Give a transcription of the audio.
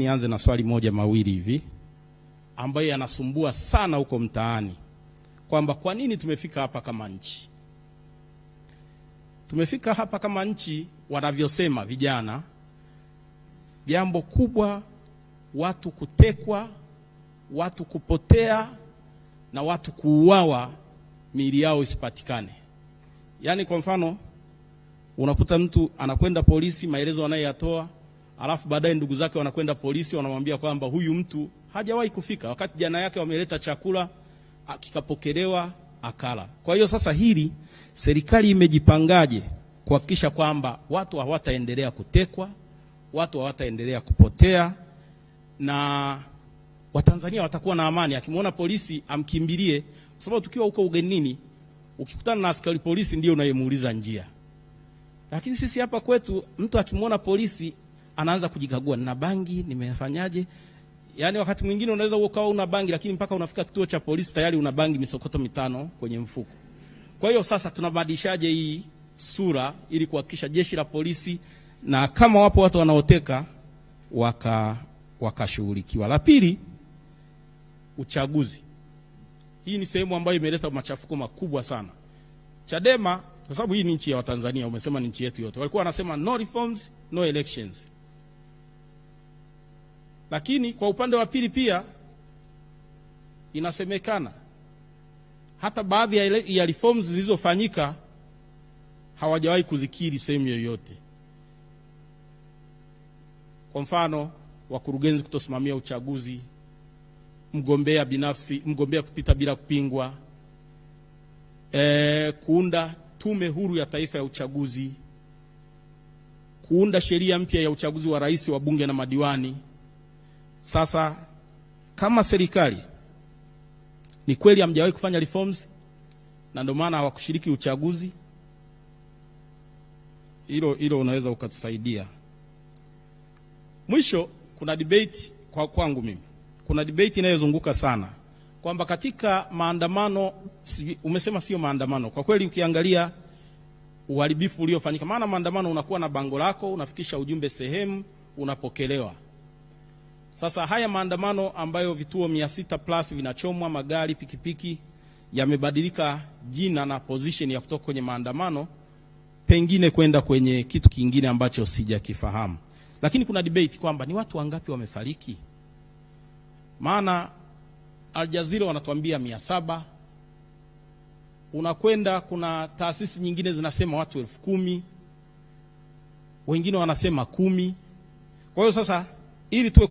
Nianze na swali moja mawili hivi ambayo yanasumbua sana huko mtaani, kwamba kwa nini tumefika hapa kama nchi. Tumefika hapa kama nchi, wanavyosema vijana, jambo kubwa, watu kutekwa, watu kupotea na watu kuuawa, miili yao isipatikane. Yaani, kwa mfano unakuta mtu anakwenda polisi, maelezo anayoyatoa alafu baadaye ndugu zake wanakwenda polisi, wanamwambia kwamba huyu mtu hajawahi kufika, wakati jana yake wameleta chakula kikapokelewa akala. Kwa hiyo sasa hili serikali imejipangaje kuhakikisha kwamba watu hawataendelea kutekwa, watu hawataendelea kupotea na Watanzania watakuwa na amani, akimwona polisi amkimbilie, kwa sababu tukiwa huko ugenini ukikutana na askari polisi ndio unayemuuliza njia. Lakini sisi hapa kwetu mtu akimwona polisi anaanza kujikagua, na bangi, nimefanyaje? Yaani wakati mwingine unaweza ukawa una bangi, lakini mpaka unafika kituo cha polisi tayari una bangi misokoto mitano kwenye mfuko. Kwa hiyo sasa tunabadilishaje hii sura ili kuhakikisha jeshi la polisi na kama wapo watu wanaoteka waka wakashughulikiwa. La pili, uchaguzi. Hii ni sehemu ambayo imeleta machafuko makubwa sana. Chadema, kwa sababu hii ni nchi ya Watanzania, umesema ni nchi yetu yote, walikuwa wanasema no reforms, no elections. Lakini kwa upande wa pili pia inasemekana hata baadhi ya reforms zilizofanyika hawajawahi kuzikiri sehemu yoyote. Kwa mfano, wakurugenzi kutosimamia uchaguzi, mgombea binafsi, mgombea kupita bila kupingwa, e, kuunda tume huru ya taifa ya uchaguzi, kuunda sheria mpya ya uchaguzi wa rais, wa bunge na madiwani. Sasa kama serikali ni kweli hamjawahi kufanya reforms na ndio maana hawakushiriki uchaguzi, hilo hilo unaweza ukatusaidia. Mwisho, kuna debate kwa kwangu mimi, kuna debate inayozunguka sana kwamba katika maandamano, umesema sio maandamano. Kwa kweli ukiangalia uharibifu uliofanyika, maana maandamano unakuwa na bango lako, unafikisha ujumbe sehemu, unapokelewa sasa haya maandamano ambayo vituo 600 plus vinachomwa magari, pikipiki, yamebadilika jina na position ya kutoka kwenye maandamano pengine kwenda kwenye kitu kingine ambacho sijakifahamu, lakini kuna debate kwamba ni watu wangapi wamefariki. Maana Al Jazeera wanatuambia mia saba, unakwenda kuna taasisi nyingine zinasema watu elfu kumi, wengine wanasema kumi. Kwa hiyo sasa ili tuwe